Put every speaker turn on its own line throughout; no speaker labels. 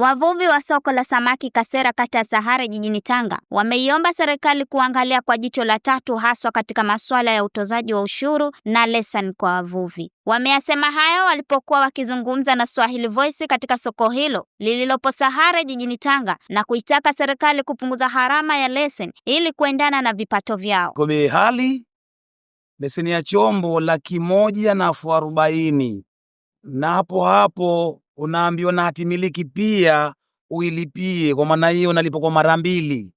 Wavuvi wa soko la samaki Kasera kata ya Sahare jijini Tanga wameiomba serikali kuangalia kwa jicho la tatu haswa katika masuala ya utozaji wa ushuru na leseni kwa wavuvi. Wameyasema hayo walipokuwa wakizungumza na Swahili Voice katika soko hilo lililopo Sahare jijini Tanga na kuitaka serikali kupunguza harama ya leseni ili kuendana na vipato vyao.
Kwa hali leseni ya chombo laki moja na elfu arobaini na hapo hapo unaambiwa na hatimiliki pia uilipie. Kwa maana hiyo unalipa kwa mara mbili,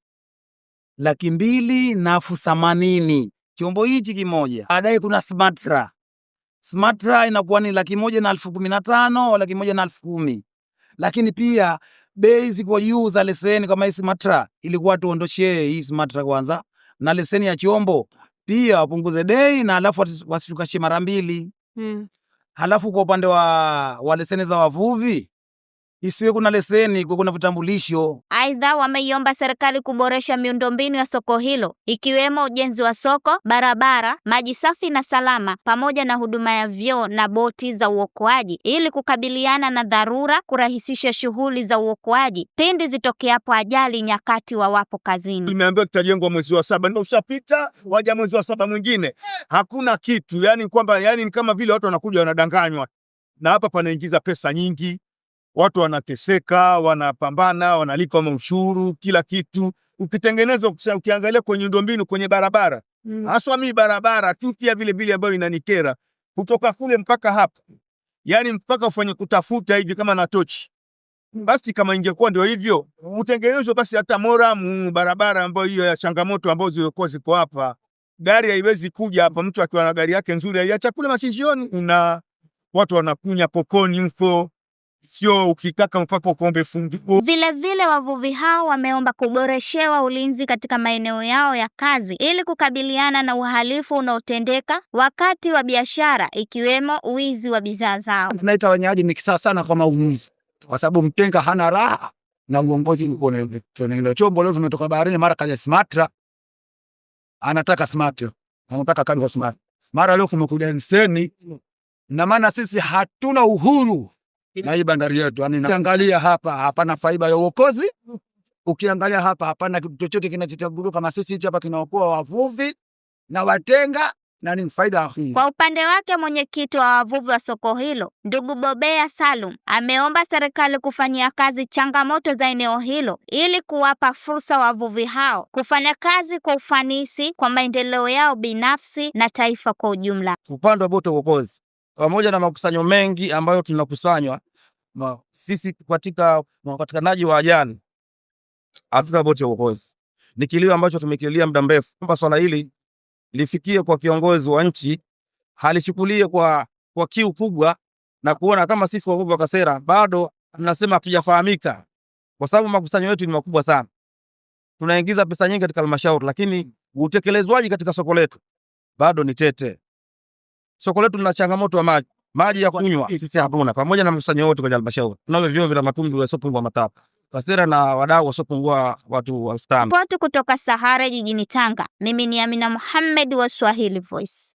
laki mbili na elfu themanini chombo hichi kimoja. Baadaye kuna smatra. Smatra inakuwa ni laki moja na elfu kumi na tano au laki moja na elfu kumi lakini pia bei ziko juu za leseni. Kama hii smatra ilikuwa tuondoshee hii smatra kwanza na leseni ya chombo pia wapunguze bei na alafu wasitukashie mara mbili. Hmm. Halafu kwa upande wa, wa leseni za wavuvi isiwe kuna leseni kwa kuna vitambulisho.
Aidha, wameiomba serikali kuboresha miundombinu ya soko hilo ikiwemo ujenzi wa soko, barabara, maji safi na salama, pamoja na huduma ya vyoo na boti za uokoaji ili kukabiliana na dharura, kurahisisha shughuli za uokoaji pindi zitokeapo ajali nyakati wawapo kazini.
Nimeambiwa kitajengwa mwezi wa saba, ndio ushapita, waja mwezi wa saba mwingine, hakuna kitu. Yani kwamba yani ni kama vile watu wanakuja wanadanganywa, na hapa panaingiza pesa nyingi watu wanateseka, wanapambana, wanalipa maushuru, kila kitu ukitengeneza, ukiangalia kwenye miundombinu, kwenye barabara mm. haswa mm. mi barabara tu pia vile vile ambayo inanikera kutoka kule mpaka hapa, yani mpaka ufanye kutafuta hivi kama na tochi. Mm. Basi kama ingekuwa ndio hivyo utengenezwe basi hata moramu barabara ambayo hiyo ya changamoto ambazo zilikuwa ziko hapa, gari haiwezi kuja hapa. Mtu akiwa na gari yake nzuri aiacha kule machinjioni, na watu wanakunya pokoni huko sio ukitaka mpaka uombe funguo.
Vilevile, wavuvi hao wameomba kuboreshewa ulinzi katika maeneo yao ya kazi ili kukabiliana na uhalifu unaotendeka wakati wa biashara, ikiwemo wizi wa bidhaa zao.
Tunaita wanyaji ni kisasa sana kwa maumizi, kwa sababu mtenga hana raha na uongozi uko na hilo chombo. Leo tumetoka baharini, mara kaja Sumatra, anataka Sumatra, anataka kadi kwa Sumatra, mara leo kumekuja Nseni, na maana sisi hatuna uhuru na hii bandari yetu. Yani ukiangalia hapa hapana faiba ya uokozi, mm. ukiangalia hapa hapana kitu chochote kinachotaburu kama sisi hichi hapa kinaokoa wavuvi na watenga na ni faida hii.
Kwa upande wake mwenyekiti wa wavuvi wa soko hilo ndugu Bobea Salum ameomba serikali kufanyia kazi changamoto za eneo hilo ili kuwapa fursa wavuvi hao kufanya kazi kwa ufanisi kwa maendeleo yao binafsi na taifa kwa ujumla.
Upande wa boti uokozi pamoja na makusanyo mengi ambayo tunakusanywa sisi katika upatikanaji wa ajali Afrika Boti ya Uokozi. Ni kilio ambacho tumekilia muda mrefu kwamba swala hili lifikie kwa kiongozi wa nchi, halichukulie kwa, kwa kiu kubwa na kuona kama sisi wakubwa wa Kasera bado tunasema hatujafahamika, kwa sababu makusanyo yetu ni makubwa sana. Tunaingiza pesa nyingi katika halmashauri, lakini utekelezwaji katika soko letu bado ni tete. Soko letu lina changamoto ya maji. Maji ya kunywa sisi hatuna, pamoja na mkusanyo wote kwenye halmashauri. Tunavyo vyoo vya matundu yasiyopungua matatu kasera na wadau wasiopungua watu elfu tano.
Kutoka Sahara jijini Tanga, mimi ni Amina muhammed wa Swahili Voice.